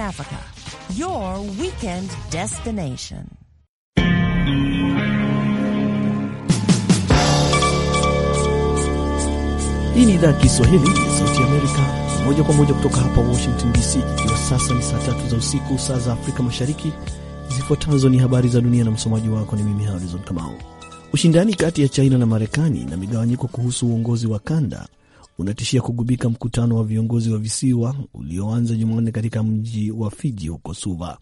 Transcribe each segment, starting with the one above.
Africa, your weekend destination. Hii ni idhaa ya Kiswahili ya Sauti Amerika moja kwa moja kutoka hapa Washington DC, ikiwa sasa ni saa tatu za usiku, saa za Afrika Mashariki. Zifuatazo ni habari za dunia na msomaji wako ni mimi Harrison Kamau. Ushindani kati ya China na Marekani na migawanyiko kuhusu uongozi wa kanda unatishia kugubika mkutano wa viongozi wa visiwa ulioanza Jumanne katika mji wa Fiji huko Suva.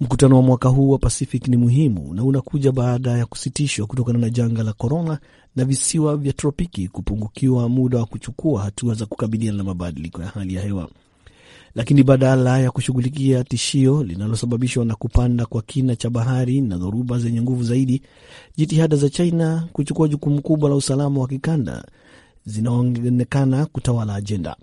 Mkutano wa mwaka huu wa Pacific ni muhimu na unakuja baada ya kusitishwa kutokana na janga la korona na visiwa vya tropiki kupungukiwa muda wa kuchukua hatua za kukabiliana na mabadiliko ya hali ya hewa. Lakini badala ya kushughulikia tishio linalosababishwa na kupanda kwa kina cha bahari na dhoruba zenye nguvu zaidi, jitihada za China kuchukua jukumu kubwa la usalama wa kikanda zinaonekana kutawala ajenda.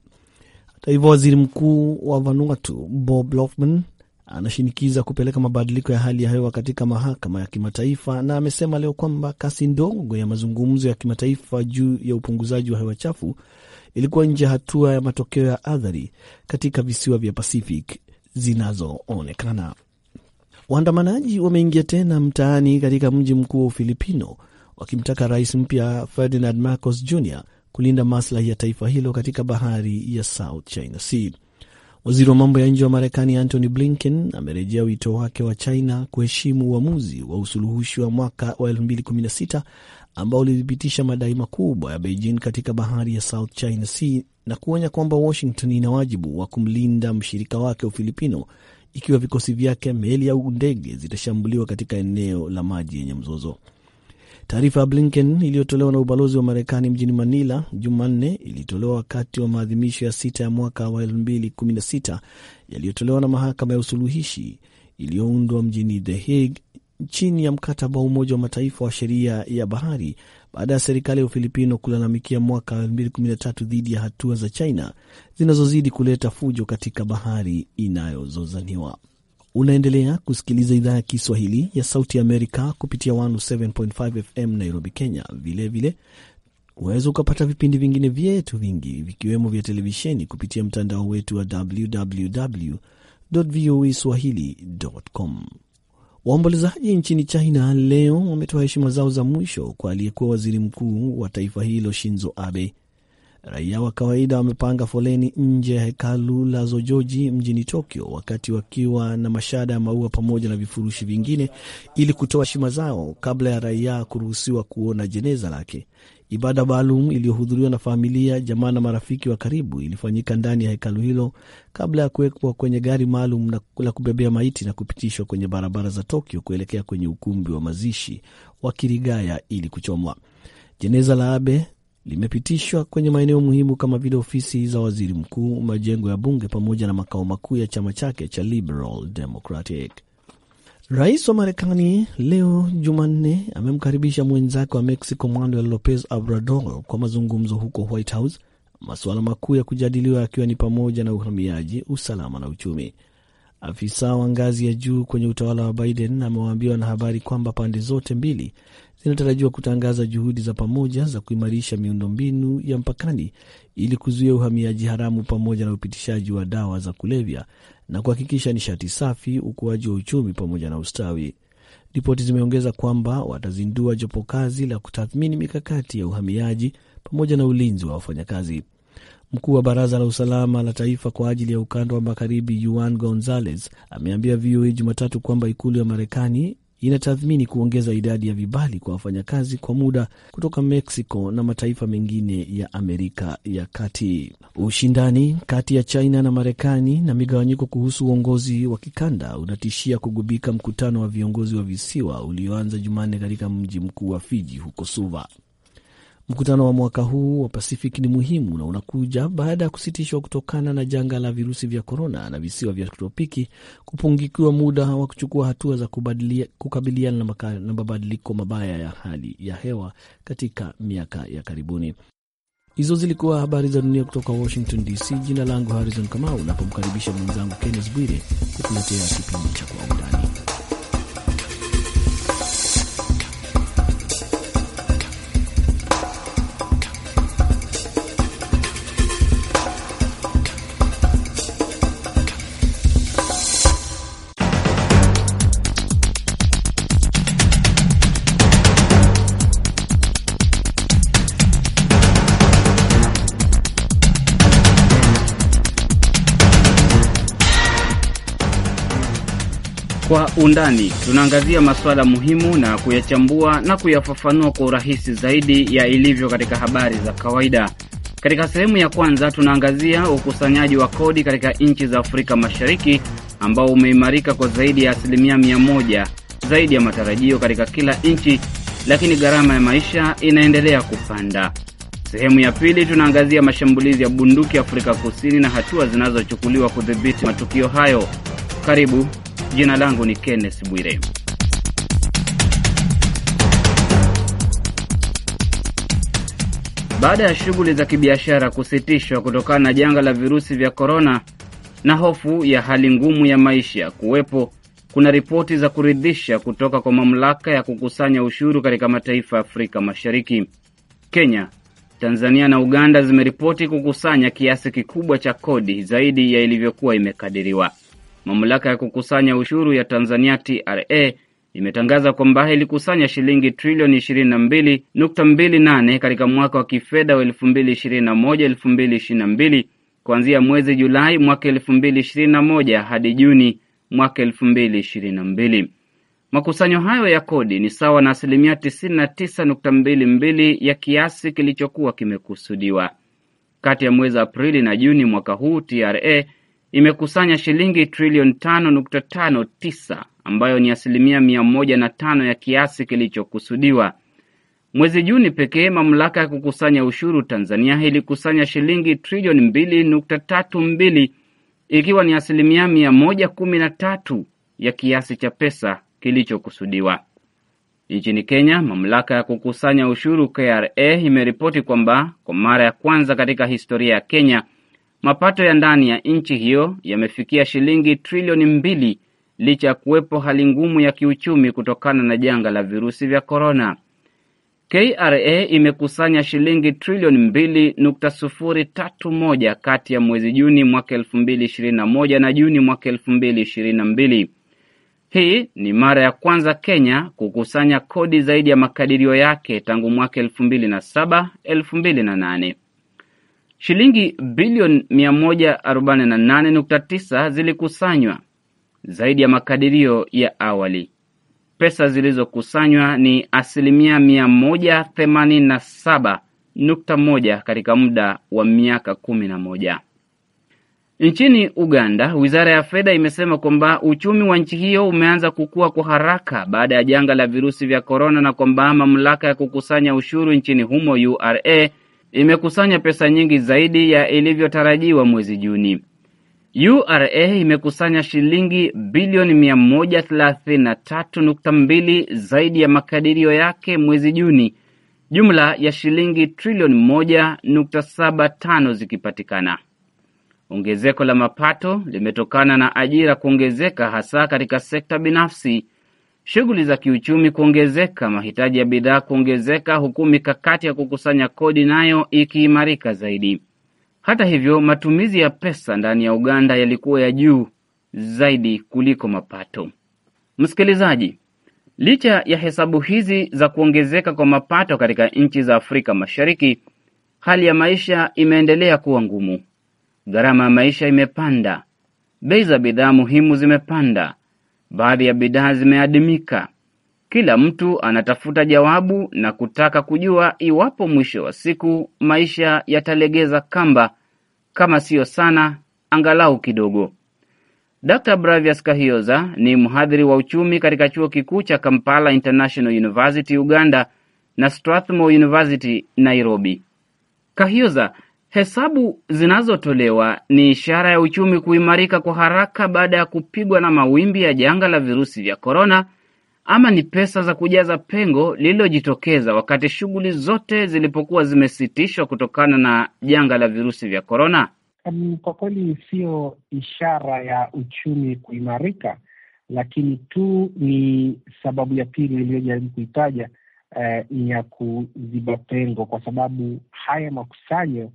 Hata hivyo, waziri mkuu wa Vanuatu Bob Lofman anashinikiza kupeleka mabadiliko ya hali ya hewa katika mahakama ya kimataifa na amesema leo kwamba kasi ndogo ya mazungumzo ya kimataifa juu ya upunguzaji wa hewa chafu ilikuwa nje ya hatua ya matokeo ya athari katika visiwa vya Pacific zinazoonekana. Waandamanaji wameingia tena mtaani katika mji mkuu wa Ufilipino wakimtaka rais mpya Ferdinand Marcos Jr kulinda maslahi ya taifa hilo katika bahari ya South China Sea. Waziri wa mambo ya nje wa Marekani Antony Blinken amerejea wito wake wa China kuheshimu uamuzi wa usuluhushi wa mwaka wa 2016 ambao ulithibitisha madai makubwa ya Beijing katika bahari ya South China Sea na kuonya kwamba Washington ina wajibu wa kumlinda mshirika wake Ufilipino ikiwa vikosi vyake, meli au ndege zitashambuliwa katika eneo la maji yenye mzozo. Taarifa ya Blinken iliyotolewa na ubalozi wa Marekani mjini Manila Jumanne ilitolewa wakati wa maadhimisho ya sita ya mwaka wa 2016 yaliyotolewa na mahakama ya usuluhishi iliyoundwa mjini The Hague chini ya mkataba wa Umoja wa Mataifa wa sheria ya bahari baada ya serikali ya Ufilipino kulalamikia mwaka wa 2013 dhidi ya hatua za China zinazozidi kuleta fujo katika bahari inayozozaniwa. Unaendelea kusikiliza idhaa ya Kiswahili ya Sauti ya Amerika kupitia 107.5 FM Nairobi, Kenya. Vilevile unaweza ukapata vipindi vingine vyetu vingi vikiwemo vya televisheni kupitia mtandao wetu wa www voa swahili.com. Waombolezaji nchini China leo wametoa heshima zao za mwisho kwa aliyekuwa waziri mkuu wa taifa hilo Shinzo Abe Raia wa kawaida wamepanga foleni nje ya hekalu la Zojoji mjini Tokyo, wakati wakiwa na mashada ya maua pamoja na vifurushi vingine ili kutoa heshima zao kabla ya raia kuruhusiwa kuona jeneza lake. Ibada maalum iliyohudhuriwa na familia, jamaa na marafiki wa karibu ilifanyika ndani ya hekalu hilo kabla ya kuwekwa kwenye gari maalum la kubebea maiti na kupitishwa kwenye barabara za Tokyo kuelekea kwenye ukumbi wa mazishi wa Kirigaya ili kuchomwa. Jeneza la Abe limepitishwa kwenye maeneo muhimu kama vile ofisi za waziri mkuu, majengo ya bunge pamoja na makao makuu ya chama chake cha Liberal Democratic. Rais wa Marekani leo Jumanne amemkaribisha mwenzake wa Mexico Manuel Lopez Obrador kwa mazungumzo huko White House, masuala makuu ya kujadiliwa yakiwa ni pamoja na uhamiaji, usalama na uchumi. Afisa wa ngazi ya juu kwenye utawala wa Biden amewaambia wanahabari kwamba pande zote mbili zinatarajiwa kutangaza juhudi za pamoja za kuimarisha miundombinu ya mpakani ili kuzuia uhamiaji haramu pamoja na upitishaji wa dawa za kulevya na kuhakikisha nishati safi, ukuaji wa uchumi pamoja na ustawi. Ripoti zimeongeza kwamba watazindua jopo kazi la kutathmini mikakati ya uhamiaji pamoja na ulinzi wa wafanyakazi. Mkuu wa Baraza la Usalama la Taifa kwa ajili ya ukanda wa magharibi Juan gonzales ameambia VOA Jumatatu kwamba ikulu ya Marekani inatathmini kuongeza idadi ya vibali kwa wafanyakazi kwa muda kutoka Mexico na mataifa mengine ya Amerika ya Kati. Ushindani kati ya China na Marekani na migawanyiko kuhusu uongozi wa kikanda unatishia kugubika mkutano wa viongozi wa visiwa ulioanza Jumanne katika mji mkuu wa Fiji huko Suva. Mkutano wa mwaka huu wa Pacific ni muhimu na unakuja baada ya kusitishwa kutokana na janga la virusi vya korona na visiwa vya tropiki kupungikiwa muda wa kuchukua hatua za kukabiliana na mabadiliko mabaya ya hali ya hewa katika miaka ya karibuni. Hizo zilikuwa habari za dunia kutoka Washington DC. Jina langu Harrison Kamau, napomkaribisha mwenzangu Kennes Bwire kukuletea kipindi cha Kwa Undani. undani tunaangazia masuala muhimu na kuyachambua na kuyafafanua kwa urahisi zaidi ya ilivyo katika habari za kawaida. Katika sehemu ya kwanza tunaangazia ukusanyaji wa kodi katika nchi za Afrika Mashariki ambao umeimarika kwa zaidi ya asilimia mia moja zaidi ya matarajio katika kila nchi, lakini gharama ya maisha inaendelea kupanda. Sehemu ya pili tunaangazia mashambulizi ya bunduki Afrika Kusini na hatua zinazochukuliwa kudhibiti matukio hayo. Karibu Jina langu ni Kenneth Bwire. Baada ya shughuli za kibiashara kusitishwa kutokana na janga la virusi vya korona na hofu ya hali ngumu ya maisha kuwepo, kuna ripoti za kuridhisha kutoka kwa mamlaka ya kukusanya ushuru katika mataifa ya Afrika Mashariki. Kenya, Tanzania na Uganda zimeripoti kukusanya kiasi kikubwa cha kodi zaidi ya ilivyokuwa imekadiriwa. Mamlaka ya kukusanya ushuru ya Tanzania TRA imetangaza kwamba ilikusanya shilingi trilioni 22.28 katika mwaka wa kifedha wa 2021-2022 kuanzia mwezi Julai mwaka 2021 hadi Juni mwaka 2022. Makusanyo hayo ya kodi ni sawa na asilimia 99.22 ya kiasi kilichokuwa kimekusudiwa. Kati ya mwezi Aprili na Juni mwaka huu TRA imekusanya shilingi trilioni tano nukta tano tisa ambayo ni asilimia mia moja na tano ya kiasi kilichokusudiwa. Mwezi Juni pekee mamlaka ya kukusanya ushuru Tanzania ilikusanya shilingi trilioni mbili nukta tatu mbili ikiwa ni asilimia mia moja kumi na tatu ya kiasi cha pesa kilichokusudiwa. Nchini Kenya, mamlaka ya kukusanya ushuru KRA imeripoti kwamba kwa mara ya kwanza katika historia ya Kenya Mapato ya ndani ya nchi hiyo yamefikia shilingi trilioni mbili licha ya kuwepo hali ngumu ya kiuchumi kutokana na janga la virusi vya korona. KRA imekusanya shilingi trilioni mbili nukta sufuri tatu moja kati ya mwezi Juni mwaka elfu mbili ishirini na moja na Juni mwaka elfu mbili ishirini na mbili. Hii ni mara ya kwanza Kenya kukusanya kodi zaidi ya makadirio yake tangu mwaka elfu mbili na saba elfu mbili na nane. Shilingi bilioni 148.9 zilikusanywa, zaidi ya makadirio ya awali. Pesa zilizokusanywa ni asilimia 187.1 katika muda wa miaka 11. Nchini Uganda, wizara ya fedha imesema kwamba uchumi wa nchi hiyo umeanza kukua kwa haraka baada ya janga la virusi vya korona, na kwamba mamlaka ya kukusanya ushuru nchini humo URA imekusanya pesa nyingi zaidi ya ilivyotarajiwa mwezi Juni. URA imekusanya shilingi bilioni 133.2 zaidi ya makadirio yake mwezi Juni, jumla ya shilingi trilioni 1.75 zikipatikana. Ongezeko la mapato limetokana na ajira kuongezeka hasa katika sekta binafsi shughuli za kiuchumi kuongezeka, mahitaji ya bidhaa kuongezeka, huku mikakati ya kukusanya kodi nayo ikiimarika zaidi. Hata hivyo, matumizi ya pesa ndani ya Uganda yalikuwa ya juu zaidi kuliko mapato. Msikilizaji, licha ya hesabu hizi za kuongezeka kwa mapato katika nchi za Afrika Mashariki, hali ya maisha imeendelea kuwa ngumu. Gharama ya maisha imepanda, bei za bidhaa muhimu zimepanda, Baadhi ya bidhaa zimeadimika. Kila mtu anatafuta jawabu na kutaka kujua iwapo mwisho wa siku maisha yatalegeza kamba, kama siyo sana, angalau kidogo. Dr. Bravias Kahioza ni mhadhiri wa uchumi katika chuo kikuu cha Kampala International University Uganda na Strathmore University Nairobi. Kahioza Hesabu zinazotolewa ni ishara ya uchumi kuimarika kwa haraka baada ya kupigwa na mawimbi ya janga la virusi vya korona, ama ni pesa za kujaza pengo lililojitokeza wakati shughuli zote zilipokuwa zimesitishwa kutokana na janga la virusi vya korona? Kwa kweli siyo ishara ya uchumi kuimarika, lakini tu ni sababu ya pili iliyojaribu kuitaja, eh, ya kuziba pengo, kwa sababu haya makusanyo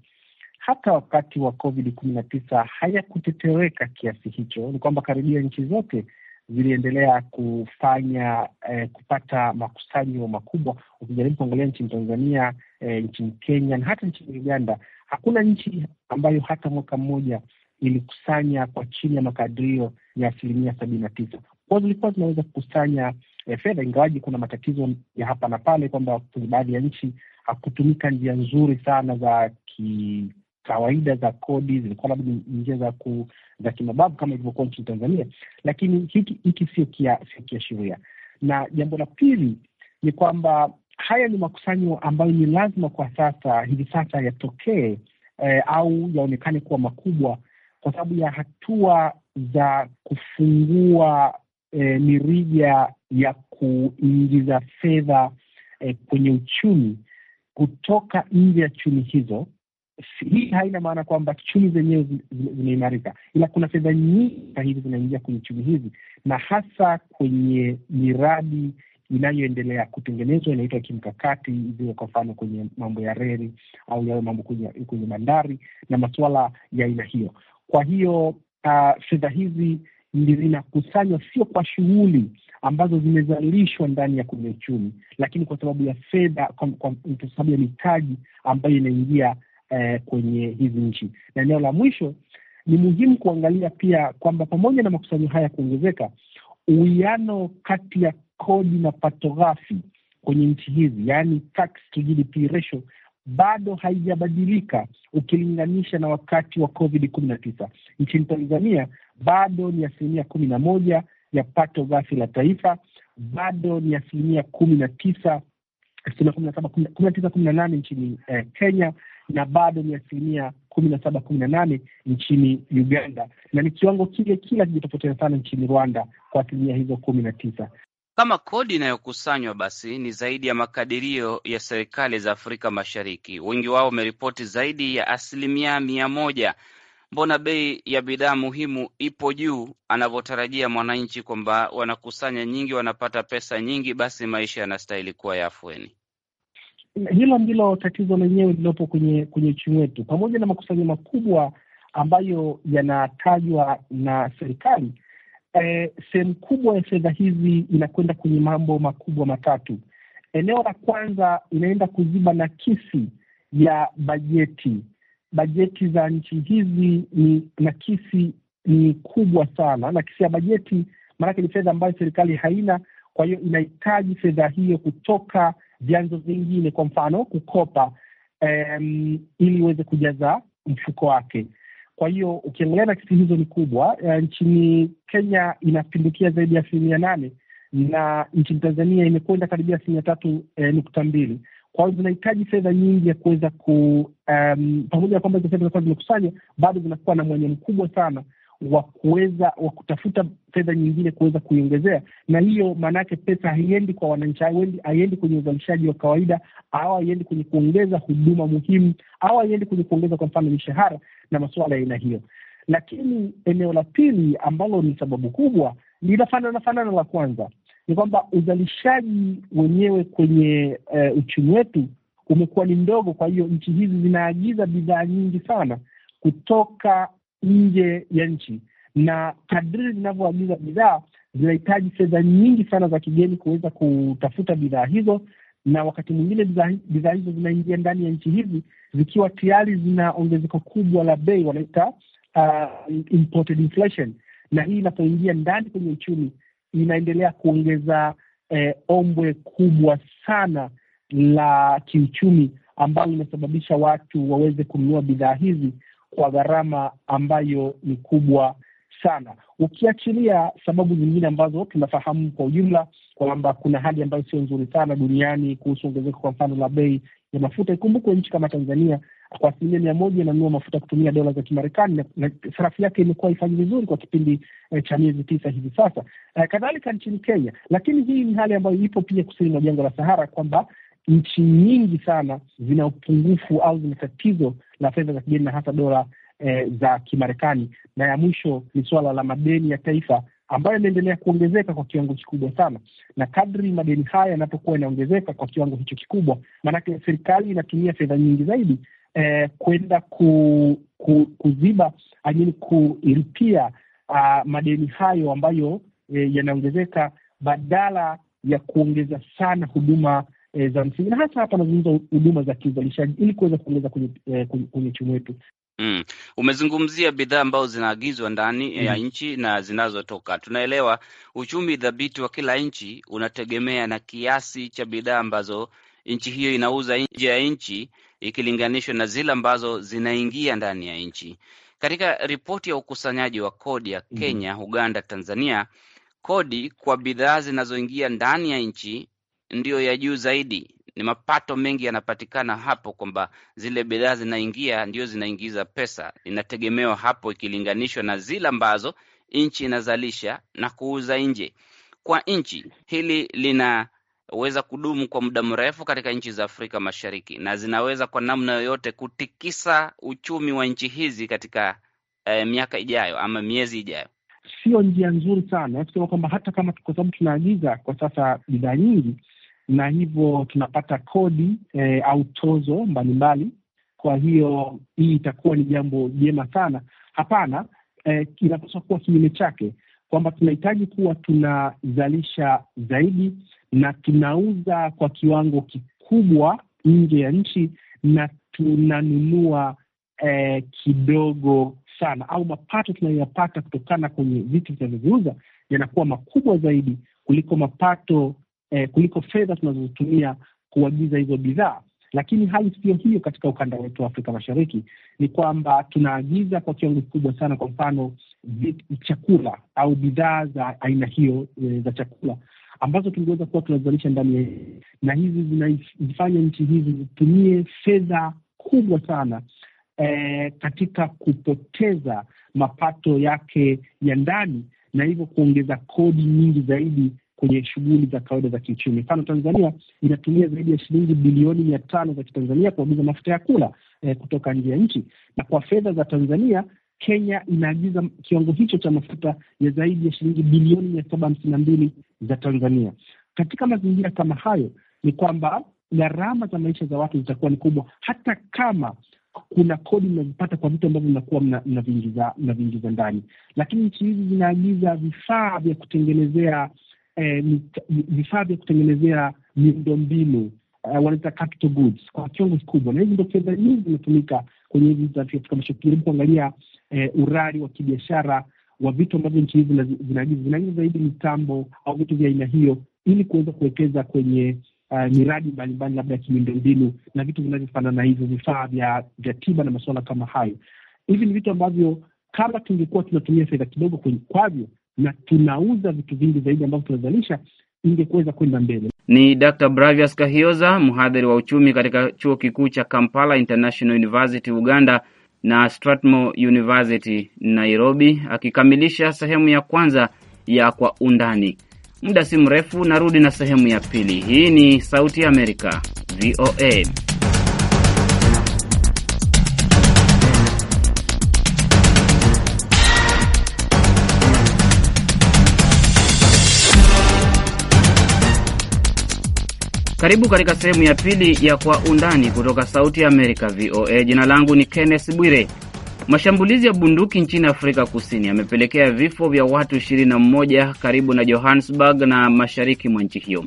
hata wakati wa COVID kumi na tisa hayakutetereka kiasi hicho. Ni kwamba karibia nchi zote ziliendelea kufanya eh, kupata makusanyo makubwa. Ukijaribu kuangalia nchini Tanzania eh, nchini Kenya na hata nchini Uganda, hakuna nchi ambayo hata mwaka mmoja ilikusanya kwa chini ya makadirio ya asilimia sabini na tisa. Kwao zilikuwa zinaweza kukusanya eh, fedha, ingawaji kuna matatizo ya hapa na pale, kwamba kwenye baadhi ya nchi hakutumika njia nzuri sana za ki kawaida za kodi zilikuwa labda njia za ku, za kimabavu kama ilivyokuwa nchini Tanzania, lakini hiki hiki sio kiashiria. Na jambo la pili ni kwamba haya ni makusanyo ambayo ni lazima kwa sasa hivi sasa yatokee eh, au yaonekane kuwa makubwa kwa sababu ya hatua za kufungua eh, mirija ya kuingiza fedha eh, kwenye uchumi kutoka nje ya chumi hizo hii haina maana kwamba chumi zenyewe zimeimarika, ila kuna fedha nyingi hivi zinaingia kwenye chumi hizi, na hasa kwenye miradi inayoendelea kutengenezwa inaitwa kimkakati, ziwe kwa mfano kwenye mambo ya reli au yawe mambo kwenye, kwenye bandari na masuala ya aina hiyo. Kwa hiyo uh, fedha hizi zinakusanywa sio kwa shughuli ambazo zimezalishwa ndani ya kwenye uchumi, lakini kwa sababu ya fedha, kwa sababu ya mitaji ambayo inaingia eh, kwenye hizi nchi. Na eneo la mwisho ni muhimu kuangalia pia kwamba pamoja na makusanyo haya kuongezeka, uwiano kati ya kodi na pato ghafi kwenye nchi hizi, yaani tax to GDP ratio bado haijabadilika ukilinganisha na wakati wa Covid kumi na tisa. Nchini Tanzania bado ni asilimia kumi na moja ya pato ghafi la taifa, bado ni asilimia kumi na tisa asilimia kumi na saba kumi na tisa kumi na nane nchini eh, Kenya na bado ni asilimia kumi na saba kumi na nane nchini Uganda, na ni kiwango kile kile akijitofautia sana nchini Rwanda kwa asilimia hizo kumi na tisa. Kama kodi inayokusanywa basi ni zaidi ya makadirio ya serikali za Afrika Mashariki, wengi wao wameripoti zaidi ya asilimia mia moja. Mbona bei ya bidhaa muhimu ipo juu anavyotarajia mwananchi, kwamba wanakusanya nyingi, wanapata pesa nyingi, basi maisha yanastahili kuwa ya afueni? hilo ndilo tatizo lenyewe lililopo kwenye kwenye uchumi wetu, pamoja na makusanyo makubwa ambayo yanatajwa na serikali. Eh, sehemu kubwa ya fedha hizi inakwenda kwenye mambo makubwa matatu. Eneo la kwanza inaenda kuziba nakisi ya bajeti. Bajeti za nchi hizi ni nakisi ni kubwa sana. Nakisi ya bajeti maanake ni fedha ambayo serikali haina, kwa hiyo inahitaji fedha hiyo kutoka vyanzo vingine, kwa mfano kukopa, um, ili uweze kujaza mfuko wake. Kwa hiyo ukiangalia nakisi hizo ni kubwa. Uh, nchini Kenya inapindukia zaidi ya asilimia nane na nchini Tanzania imekwenda karibia asilimia tatu eh, nukta mbili. Kwa hiyo zinahitaji fedha nyingi ya kuweza ku um, pamoja na kwamba hizo fedha zinakuwa zimekusanywa bado zinakuwa na mwenye mkubwa sana wa kuweza wa kutafuta fedha nyingine kuweza kuiongezea, na hiyo maana yake pesa haiendi kwa wananchi, haiendi kwenye uzalishaji wa kawaida, au haiendi kwenye kuongeza huduma muhimu, au haiendi kwenye kuongeza kwa mfano mishahara na masuala ya aina hiyo. Lakini eneo la pili ambalo ni sababu kubwa linafanana fanana la kwanza, ni kwamba uzalishaji wenyewe kwenye uh, uchumi wetu umekuwa ni mdogo. Kwa hiyo nchi hizi zinaagiza bidhaa nyingi sana kutoka nje ya nchi, na kadri zinavyoagiza bidhaa zinahitaji fedha nyingi sana za kigeni kuweza kutafuta bidhaa hizo, na wakati mwingine bidhaa hizo zinaingia ndani ya nchi hizi zikiwa tayari zina ongezeko kubwa la bei, wanaita uh, imported inflation, na hii inapoingia ndani kwenye uchumi inaendelea kuongeza eh, ombwe kubwa sana la kiuchumi ambalo inasababisha watu waweze kununua bidhaa hizi kwa gharama ambayo ni kubwa sana, ukiachilia sababu zingine ambazo tunafahamu kwa ujumla kwamba kuna hali ambayo sio nzuri sana duniani kuhusu ongezeko kwa mfano la bei ya mafuta. Ikumbukwe nchi kama Tanzania kwa asilimia mia moja inanunua mafuta kutumia dola za Kimarekani, na sarafu yake imekuwa ifanyi vizuri kwa kipindi eh, cha miezi tisa hivi sasa. eh, kadhalika nchini Kenya. Lakini hii ni hali ambayo ipo pia kusini mwa jangwa la Sahara, kwamba nchi nyingi sana zina upungufu au zina tatizo la fedha za kigeni na hasa dola e, za Kimarekani. Na ya mwisho ni suala la madeni ya taifa ambayo yanaendelea kuongezeka kwa kiwango kikubwa sana, na kadri madeni haya yanapokuwa yanaongezeka kwa kiwango hicho kikubwa, maanake serikali inatumia fedha nyingi zaidi e, kwenda ku, ku, kuziba amini kulipia uh, madeni hayo ambayo e, yanaongezeka badala ya kuongeza sana huduma e, za msingi na hasa hapa anazungumza huduma za kiuzalishaji ili kuweza kuongeza kwenye, e, kwenye chumu wetu. Mm. Umezungumzia bidhaa ambazo zinaagizwa ndani mm. ya nchi na zinazotoka. Tunaelewa uchumi dhabiti wa kila nchi unategemea na kiasi cha bidhaa ambazo nchi hiyo inauza nje ya nchi ikilinganishwa na zile ambazo zinaingia ndani ya nchi. Katika ripoti ya ukusanyaji wa kodi ya mm-hmm. Kenya, mm. Uganda, Tanzania, kodi kwa bidhaa zinazoingia ndani ya nchi ndiyo ya juu zaidi, ni mapato mengi yanapatikana hapo, kwamba zile bidhaa zinaingia ndio zinaingiza pesa, inategemewa hapo ikilinganishwa na zile ambazo nchi inazalisha na kuuza nje kwa nchi. Hili linaweza kudumu kwa muda mrefu katika nchi za Afrika Mashariki na zinaweza kwa namna yoyote kutikisa uchumi wa nchi hizi katika eh, miaka ijayo ama miezi ijayo. Sio njia nzuri sana kusema kwamba hata kama kwa sababu tunaagiza kwa sasa bidhaa nyingi na hivyo tunapata kodi e, au tozo mbalimbali. Kwa hiyo hii itakuwa ni jambo jema sana? Hapana. E, inapaswa kuwa kinyume chake kwamba tunahitaji kuwa tunazalisha zaidi na tunauza kwa kiwango kikubwa nje ya nchi na tunanunua e, kidogo sana, au mapato tunayoyapata kutokana kwenye vitu vinavyoviuza yanakuwa makubwa zaidi kuliko mapato eh, kuliko fedha tunazozitumia kuagiza hizo bidhaa. Lakini hali siyo hiyo katika ukanda wetu wa Afrika Mashariki, ni kwamba tunaagiza kwa kiwango kikubwa sana, kwa mfano chakula au bidhaa za aina hiyo e, za chakula ambazo tungeweza kuwa tunazalisha ndani ya, na hizi zinazifanya nchi hizi zitumie fedha kubwa sana e, katika kupoteza mapato yake ya ndani na hivyo kuongeza kodi nyingi zaidi kwenye shughuli za kawaida za kiuchumi. Mfano, Tanzania inatumia zaidi ya shilingi bilioni mia tano za kitanzania kuagiza mafuta ya kula eh, kutoka nje ya nchi, na kwa fedha za Tanzania Kenya inaagiza kiwango hicho cha mafuta ya zaidi ya shilingi bilioni mia saba hamsini na mbili za Tanzania. Katika mazingira kama hayo, ni kwamba gharama za maisha za watu zitakuwa ni kubwa, hata kama kuna kodi mnazipata kwa vitu ambavyo mnakuwa mnaviingiza mna mna ndani, lakini nchi hizi zinaagiza vifaa vya kutengenezea Eh, vifaa eh, vya kutengenezea miundombinu uh, wanaita capital goods kwa kiwango kikubwa, na hizi ndo fedha nyingi zinatumika kwenye hizi za Afrika Mashariki. kuangalia eh, urari wa kibiashara wa vitu ambavyo nchi hizi zinaagiza, zinaagiza zaidi mitambo au vitu vya aina hiyo, ili kuweza kuwekeza kwenye uh, miradi mbalimbali labda ya kimiundombinu na vitu vinavyofanana hivyo, vifaa vya vya tiba na masuala kama hayo. Hivi ni vitu ambavyo kama tungekuwa tunatumia fedha kidogo kwavyo, na tunauza vitu vingi zaidi ambavyo tunazalisha ingekuweza kwenda mbele. Ni Dr. Bravias Kahioza, mhadhiri wa uchumi katika chuo kikuu cha Kampala International University Uganda na Strathmore University Nairobi, akikamilisha sehemu ya kwanza ya Kwa Undani. Muda si mrefu narudi na sehemu ya pili. Hii ni Sauti ya Amerika, VOA. Karibu katika sehemu ya pili ya Kwa Undani kutoka Sauti ya Amerika, VOA. Jina langu ni Kenneth Bwire. Mashambulizi ya bunduki nchini Afrika Kusini yamepelekea vifo vya watu 21 karibu na Johannesburg na mashariki mwa nchi hiyo.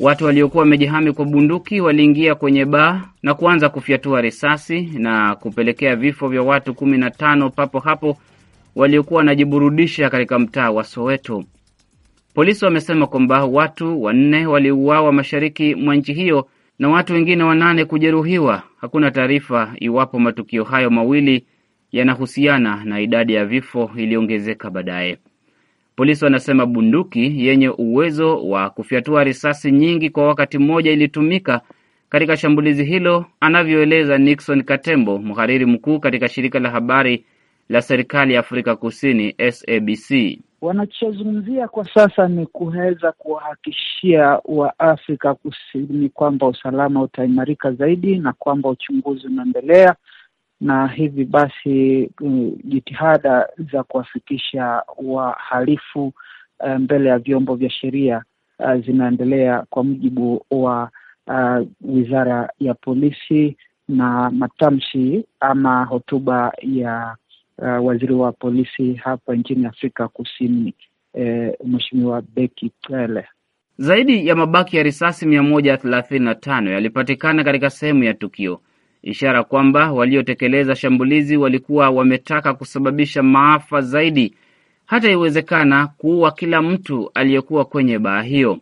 Watu waliokuwa wamejihami kwa bunduki waliingia kwenye baa na kuanza kufyatua risasi na kupelekea vifo vya watu 15 papo hapo waliokuwa wanajiburudisha katika mtaa wa Soweto. Polisi wamesema kwamba watu wanne waliuawa mashariki mwa nchi hiyo na watu wengine wanane kujeruhiwa. Hakuna taarifa iwapo matukio hayo mawili yanahusiana na idadi ya vifo iliongezeka baadaye. Polisi wanasema bunduki yenye uwezo wa kufyatua risasi nyingi kwa wakati mmoja ilitumika katika shambulizi hilo, anavyoeleza Nixon Katembo, mhariri mkuu katika shirika la habari la serikali ya Afrika Kusini, SABC. Wanachozungumzia kwa sasa ni kuweza kuwahakikishia Waafrika Kusini kwamba usalama utaimarika zaidi na kwamba uchunguzi unaendelea na hivi basi mm, jitihada za kuwafikisha wahalifu uh, mbele ya vyombo vya sheria uh, zinaendelea kwa mujibu wa uh, Wizara ya Polisi na matamshi ama hotuba ya uh, waziri wa polisi hapa nchini Afrika Kusini eh, Mheshimiwa Beki Cele. Zaidi ya mabaki ya risasi mia moja thelathini na tano yalipatikana katika sehemu ya tukio, ishara kwamba waliotekeleza shambulizi walikuwa wametaka kusababisha maafa zaidi, hata iwezekana kuua kila mtu aliyekuwa kwenye baa hiyo.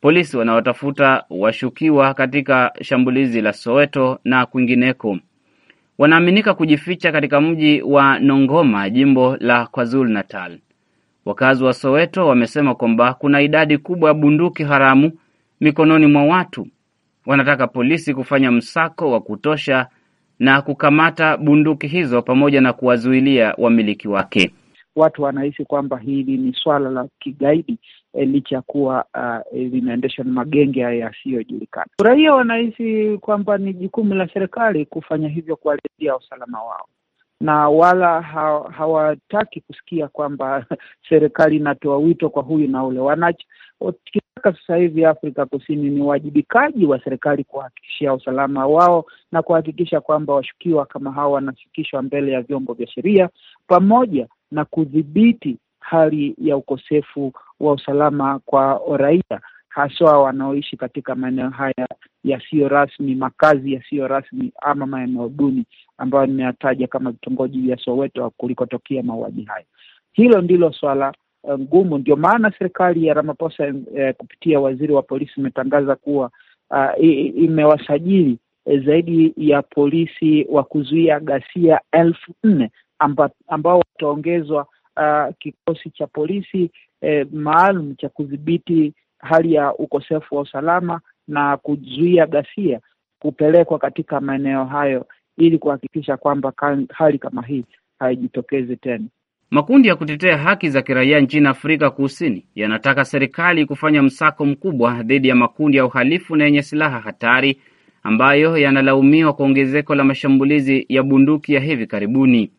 Polisi wanawatafuta washukiwa katika shambulizi la Soweto na kwingineko wanaaminika kujificha katika mji wa Nongoma, jimbo la KwaZulu Natal. Wakazi wa Soweto wamesema kwamba kuna idadi kubwa ya bunduki haramu mikononi mwa watu. Wanataka polisi kufanya msako wa kutosha na kukamata bunduki hizo pamoja na kuwazuilia wamiliki wake watu wanahisi kwamba hili ni swala la kigaidi e, licha ya kuwa uh, linaendeshwa na magenge haya yasiyojulikana. Raia wanahisi kwamba ni jukumu la serikali kufanya hivyo kuwalindia usalama wao na wala ha, hawataki kusikia kwamba serikali inatoa wito kwa huyu na ule. Wanachotaka sasa hivi Afrika Kusini ni uwajibikaji wa serikali kuhakikishia usalama wao na kuhakikisha kwamba washukiwa kama hawa wanafikishwa mbele ya vyombo vya sheria pamoja na kudhibiti hali ya ukosefu wa usalama kwa raia haswa wanaoishi katika maeneo haya yasiyo rasmi, makazi yasiyo rasmi ama maeneo duni ambayo nimeyataja kama vitongoji vya Soweto kulikotokea mauaji hayo. Hilo ndilo swala eh, ngumu, ndio maana serikali ya Ramaphosa eh, kupitia waziri wa polisi imetangaza kuwa uh, imewasajili eh, zaidi ya polisi wa kuzuia ghasia elfu nne amba, ambao wataongezwa uh, kikosi cha polisi eh, maalum cha kudhibiti hali ya ukosefu wa usalama na kuzuia ghasia kupelekwa katika maeneo hayo ili kuhakikisha kwamba hali kama hii haijitokezi tena. Makundi ya kutetea haki za kiraia nchini Afrika Kusini yanataka serikali kufanya msako mkubwa dhidi ya makundi ya uhalifu na yenye silaha hatari ambayo yanalaumiwa kwa ongezeko la mashambulizi ya bunduki ya hivi karibuni.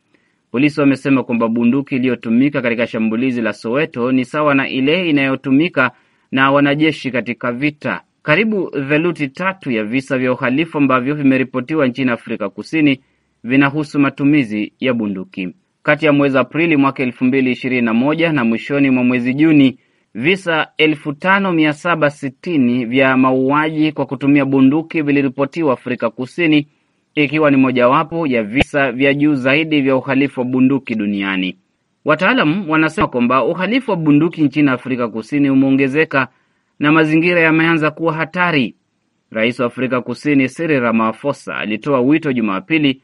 Polisi wamesema kwamba bunduki iliyotumika katika shambulizi la Soweto ni sawa na ile inayotumika na wanajeshi katika vita. Karibu theluthi tatu ya visa vya uhalifu ambavyo vimeripotiwa nchini Afrika Kusini vinahusu matumizi ya bunduki. Kati ya mwezi Aprili mwaka elfu mbili ishirini na moja na mwishoni mwa mwezi Juni, visa elfu tano mia saba sitini vya mauaji kwa kutumia bunduki viliripotiwa Afrika Kusini, ikiwa ni mojawapo ya visa vya juu zaidi vya uhalifu wa bunduki duniani. Wataalamu wanasema kwamba uhalifu wa bunduki nchini Afrika Kusini umeongezeka na mazingira yameanza kuwa hatari. Rais wa Afrika Kusini Cyril Ramaphosa alitoa wito Jumapili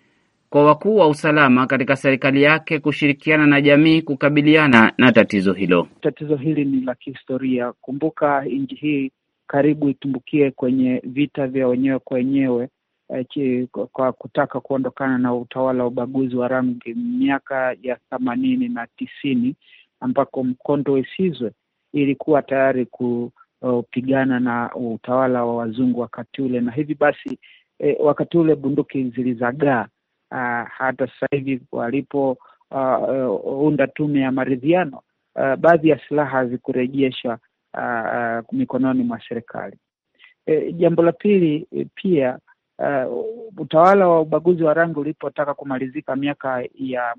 kwa wakuu wa usalama katika serikali yake kushirikiana na jamii kukabiliana na tatizo hilo. Tatizo hili ni la kihistoria. Kumbuka nchi hii karibu itumbukie kwenye vita vya wenyewe kwa wenyewe eh, kwa kutaka kuondokana na utawala wa ubaguzi wa rangi miaka ya themanini na tisini ambako Mkondo Wesizwe ilikuwa tayari kupigana uh, na utawala wa wazungu wakati ule, na hivi basi eh, wakati ule bunduki zilizagaa. ah, hata sasa hivi walipounda ah, uh, tume ya maridhiano uh, baadhi ya silaha hazikurejeshwa uh, ah, mikononi mwa serikali. E, jambo la pili eh, pia uh, utawala wa ubaguzi wa rangi ulipotaka kumalizika miaka ya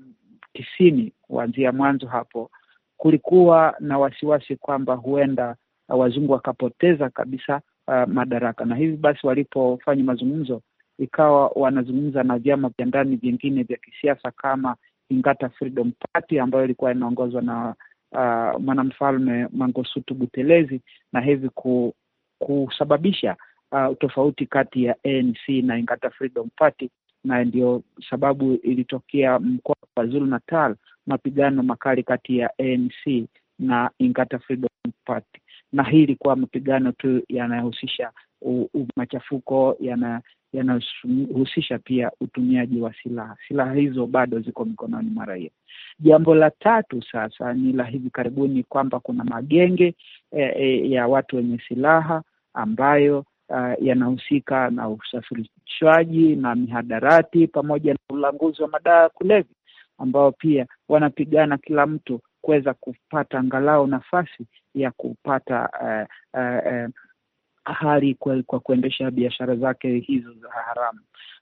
tisini kuanzia mwanzo hapo, kulikuwa na wasiwasi kwamba huenda uh, wazungu wakapoteza kabisa uh, madaraka, na hivi basi walipofanya mazungumzo ikawa wanazungumza na vyama vya ndani vingine vya kisiasa kama ingata Freedom Party ambayo ilikuwa inaongozwa na uh, mwanamfalme mangosutu butelezi na hivi kusababisha uh, tofauti kati ya ANC na Inkatha Freedom Party, na ndio sababu ilitokea mkoa wa KwaZulu Natal mapigano makali kati ya ANC na Inkatha Freedom Party, na hii ilikuwa mapigano tu yanayohusisha machafuko yana yanahusisha pia utumiaji wa silaha. Silaha hizo bado ziko mikononi mwa raia. Jambo la tatu sasa ni la hivi karibuni kwamba kuna magenge e, e, ya watu wenye silaha ambayo uh, yanahusika na usafirishwaji na mihadarati pamoja na ulanguzi wa madawa ya kulevya, ambao pia wanapigana kila mtu kuweza kupata angalau nafasi ya kupata uh, uh, uh, hali kwa, kwa kuendesha biashara zake hizo za haramu.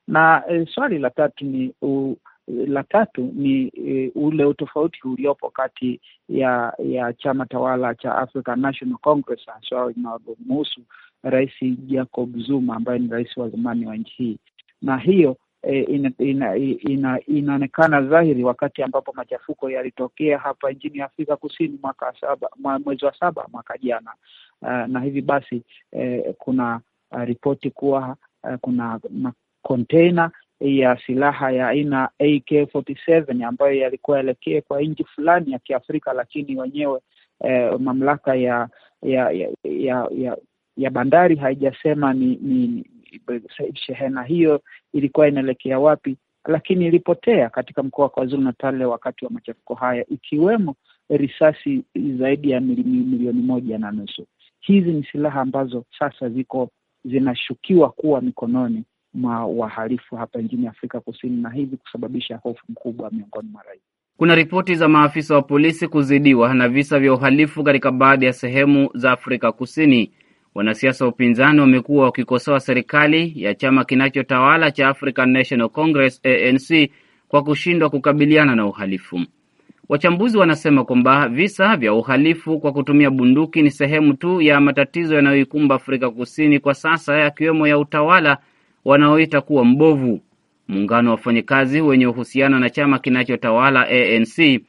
Na uh, swali la tatu ni uh, la tatu ni uh, ule utofauti uliopo kati ya ya chama tawala cha African National Congress haswa inayomuhusu Rais Jacob Zuma ambaye ni rais wa zamani wa nchi hii, na hiyo e, inaonekana ina, ina, ina dhahiri wakati ambapo machafuko yalitokea hapa nchini Afrika Kusini mwaka saba, mwezi wa saba mwaka jana. Uh, na hivi basi eh, kuna uh, ripoti kuwa uh, kuna makontena ya silaha ya aina AK47 ambayo yalikuwa elekee kwa nchi fulani ya Kiafrika, lakini wenyewe eh, mamlaka ya ya ya, ya, ya ya bandari haijasema ni, ni shehena hiyo ilikuwa inaelekea wapi, lakini ilipotea katika mkoa wa KwaZulu Natal wakati wa machafuko haya, ikiwemo risasi zaidi ya milioni moja na nusu. Hizi ni silaha ambazo sasa ziko zinashukiwa kuwa mikononi mwa wahalifu hapa nchini Afrika Kusini, na hivi kusababisha hofu mkubwa miongoni mwa raia. Kuna ripoti za maafisa wa polisi kuzidiwa na visa vya uhalifu katika baadhi ya sehemu za Afrika Kusini. Wanasiasa wa upinzani wamekuwa wakikosoa serikali ya chama kinachotawala cha African National Congress ANC kwa kushindwa kukabiliana na uhalifu. Wachambuzi wanasema kwamba visa vya uhalifu kwa kutumia bunduki ni sehemu tu ya matatizo yanayoikumba Afrika Kusini kwa sasa, yakiwemo ya utawala wanaoita kuwa mbovu. Muungano wa wafanyakazi wenye uhusiano na chama kinachotawala ANC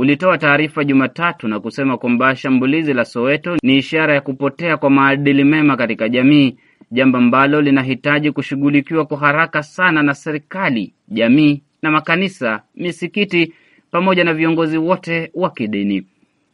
ulitoa taarifa Jumatatu na kusema kwamba shambulizi la Soweto ni ishara ya kupotea kwa maadili mema katika jamii, jambo ambalo linahitaji kushughulikiwa kwa haraka sana na serikali, jamii na makanisa, misikiti pamoja na viongozi wote wa kidini.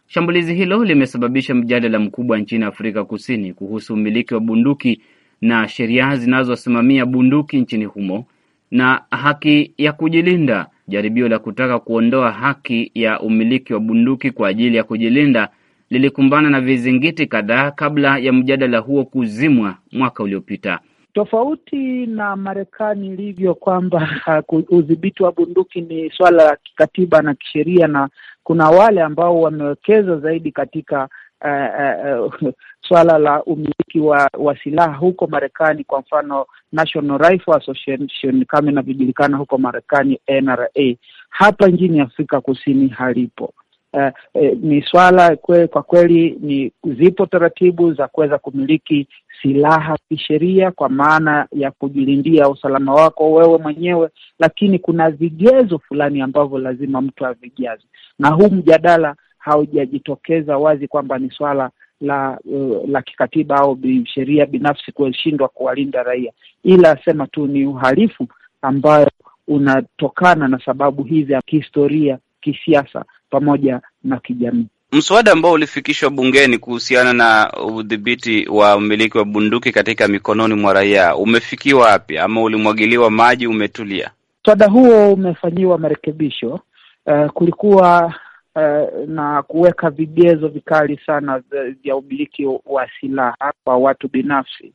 Shambulizi hilo limesababisha mjadala mkubwa nchini Afrika Kusini kuhusu umiliki wa bunduki na sheria zinazosimamia bunduki nchini humo na haki ya kujilinda. Jaribio la kutaka kuondoa haki ya umiliki wa bunduki kwa ajili ya kujilinda lilikumbana na vizingiti kadhaa kabla ya mjadala huo kuzimwa mwaka uliopita. Tofauti na Marekani ilivyo kwamba udhibiti wa bunduki ni swala la kikatiba na kisheria, na kuna wale ambao wamewekeza zaidi katika uh, uh, swala la umiliki wa, wa silaha huko Marekani, kwa mfano National Rifle Association kama inavyojulikana huko Marekani, NRA. Hapa nchini Afrika Kusini halipo. Uh, eh, ni swala kwe, kwa kweli ni zipo taratibu za kuweza kumiliki silaha kisheria kwa maana ya kujilindia usalama wako wewe mwenyewe, lakini kuna vigezo fulani ambavyo lazima mtu avijaze, na huu mjadala haujajitokeza wazi kwamba ni swala la uh, la kikatiba au sheria binafsi kushindwa kuwalinda raia, ila asema tu ni uhalifu ambayo unatokana na sababu hizi ya kihistoria, kisiasa pamoja na kijamii. Mswada ambao ulifikishwa bungeni kuhusiana na udhibiti wa umiliki wa bunduki katika mikononi mwa raia umefikiwa wapi, ama ulimwagiliwa maji, umetulia? Mswada huo umefanyiwa marekebisho. Uh, kulikuwa uh, na kuweka vigezo vikali sana vya umiliki wa silaha kwa watu binafsi,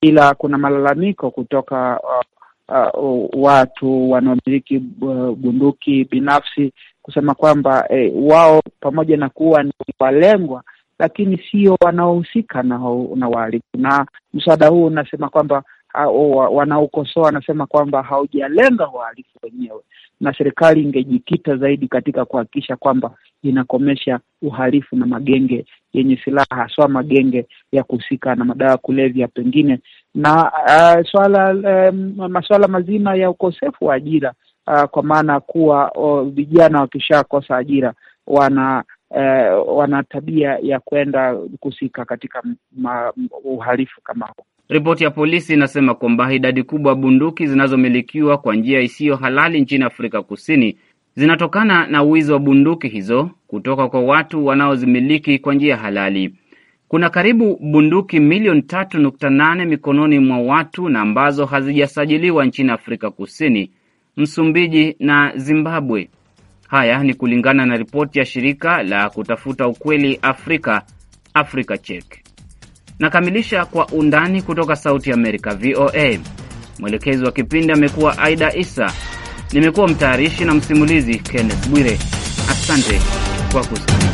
ila kuna malalamiko kutoka uh, uh, watu wanaomiliki uh, bunduki binafsi kusema kwamba eh, wao pamoja na kuwa ni walengwa lakini sio wanaohusika na, na wahalifu. Na msaada huu unasema kwamba uh, wanaokosoa wanasema kwamba haujalenga wahalifu wenyewe na serikali ingejikita zaidi katika kuhakikisha kwamba inakomesha uhalifu na magenge yenye silaha haswa magenge ya kuhusika na madawa ya kulevya pengine na uh, swala um, masuala mazima ya ukosefu wa ajira uh, kwa maana kuwa vijana uh, wakishakosa ajira wana uh, wana tabia ya kwenda kuhusika katika ma, uhalifu kama huu. Ripoti ya polisi inasema kwamba idadi kubwa bunduki zinazomilikiwa kwa njia isiyo halali nchini Afrika Kusini zinatokana na wizi wa bunduki hizo kutoka kwa watu wanaozimiliki kwa njia halali. Kuna karibu bunduki milioni tatu nukta nane mikononi mwa watu na ambazo hazijasajiliwa nchini Afrika Kusini, Msumbiji na Zimbabwe. Haya ni kulingana na ripoti ya shirika la kutafuta ukweli Afrika, Africa Check. Nakamilisha kwa undani kutoka Sauti Amerika, VOA. Mwelekezi wa kipindi amekuwa Aida Isa. Nimekuwa mtayarishi na msimulizi Kenneth Bwire. Asante kwa kusikiliza.